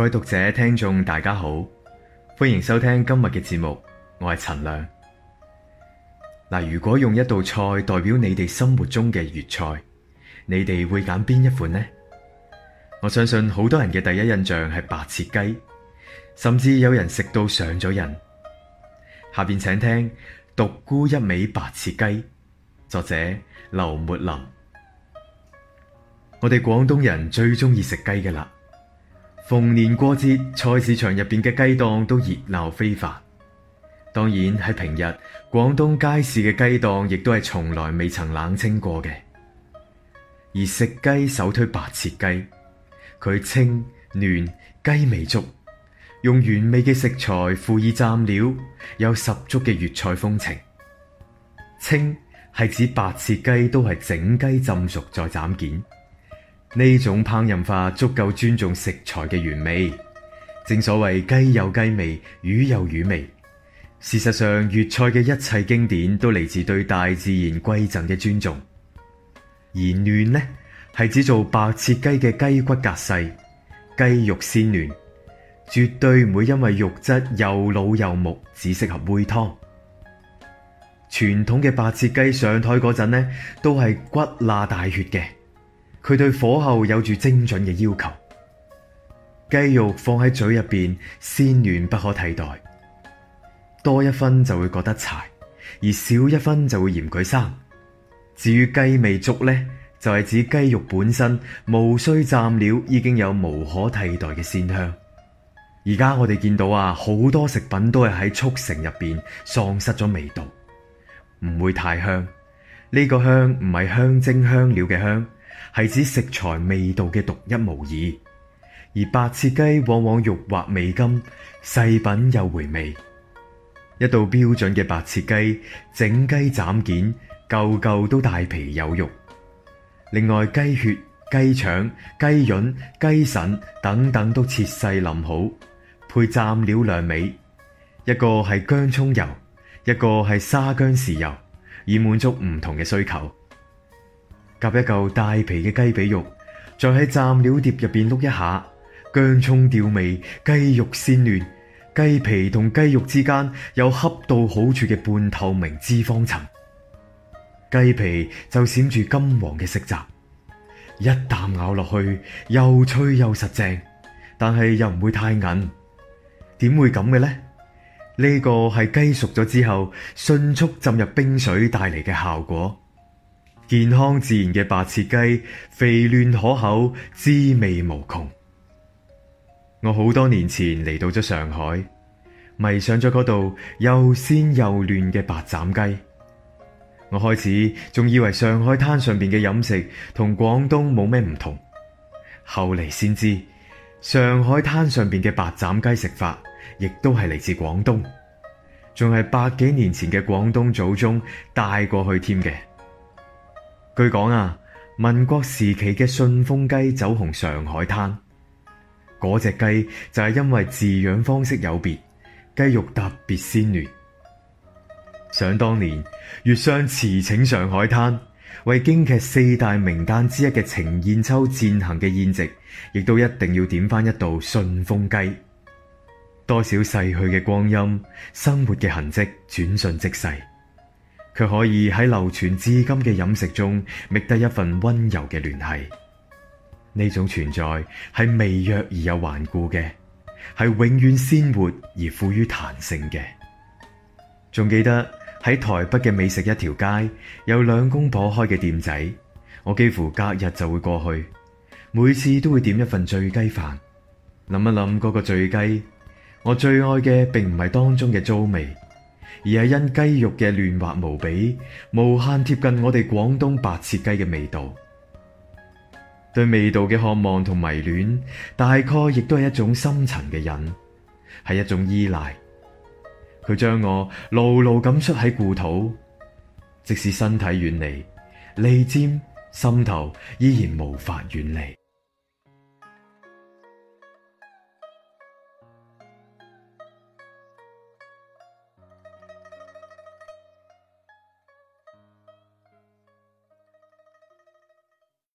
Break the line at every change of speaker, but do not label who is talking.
各位讀者、聽眾大家好，歡迎收聽今日嘅節目，我係陳亮。嗱，如果用一道菜代表你哋生活中嘅粵菜，你哋會揀邊一款呢？我相信好多人嘅第一印象係白切雞，甚至有人食到上咗癮。下邊請聽《獨沽一味白切雞》，作者劉沫林。我哋廣東人最中意食雞噶啦。逢年過節，菜市場入邊嘅雞檔都熱鬧非凡。當然，喺平日，廣東街市嘅雞檔亦都係從來未曾冷清過嘅。而食雞首推白切雞，佢清嫩，雞味足，用原味嘅食材輔以蘸料，有十足嘅粵菜風情。清係指白切雞都係整雞浸熟再斬件。呢種烹飪法足夠尊重食材嘅原味，正所謂雞有雞味，魚有魚味。事實上，粵菜嘅一切經典都嚟自對大自然規範嘅尊重。而嫩呢，係指做白切雞嘅雞骨格細，雞肉鮮嫩，絕對唔會因為肉質又老又木，只適合煨湯。傳統嘅白切雞上台嗰陣呢，都係骨罅帶血嘅。佢對火候有住精準嘅要求，雞肉放喺嘴入邊鮮嫩不可替代，多一分就會覺得柴，而少一分就會嫌佢生。至於雞味足呢，就係指雞肉本身無需蘸料已經有無可替代嘅鮮香。而家我哋見到啊，好多食品都係喺速成入邊喪失咗味道，唔會太香。呢個香唔係香精香料嘅香。係指食材味道嘅獨一無二，而白切雞往往肉滑味甘，細品又回味。一道標準嘅白切雞，整雞斬件，嚿嚿都帶皮有肉。另外，雞血、雞腸、雞潤、雞腎等等都切細淋好，配蘸料兩味，一個係薑葱油，一個係沙薑豉油，以滿足唔同嘅需求。夾一嚿大皮嘅雞髀肉，再喺蘸料碟入邊碌一下，薑葱調味，雞肉鮮嫩，雞皮同雞肉之間有恰到好處嘅半透明脂肪層，雞皮就閃住金黃嘅色澤，一啖咬落去又脆又實淨，但係又唔會太韌，點會咁嘅呢？呢個係雞熟咗之後迅速浸入冰水帶嚟嘅效果。健康自然嘅白切雞，肥嫩可口，滋味無窮。我好多年前嚟到咗上海，迷上咗嗰度又鮮又嫩嘅白斬雞。我開始仲以為上海灘上邊嘅飲食同廣東冇咩唔同，後嚟先知上海灘上邊嘅白斬雞食法，亦都係嚟自廣東，仲係百幾年前嘅廣東祖宗帶過去添嘅。據講啊，民國時期嘅順風雞走紅上海灘，嗰隻雞就係因為飼養方式有別，雞肉特別鮮嫩。想當年，月上池請上海灘，為京劇四大名旦之一嘅程硯秋餞行嘅宴席，亦都一定要點翻一道順風雞。多少逝去嘅光陰，生活嘅痕跡，轉瞬即逝。佢可以喺流傳至今嘅飲食中覓得一份溫柔嘅聯繫。呢種存在係微弱而又頑固嘅，係永遠鮮活而富於彈性嘅。仲記得喺台北嘅美食一條街有兩公婆開嘅店仔，我幾乎隔日就會過去，每次都會點一份醉雞飯。諗一諗嗰個醉雞，我最愛嘅並唔係當中嘅糟味。而係因雞肉嘅嫩滑無比，無限貼近我哋廣東白切雞嘅味道。對味道嘅渴望同迷戀，大概亦都係一種深層嘅癮，係一種依賴。佢將我牢牢咁出喺故土，即使身體遠離，利尖心頭依然無法遠離。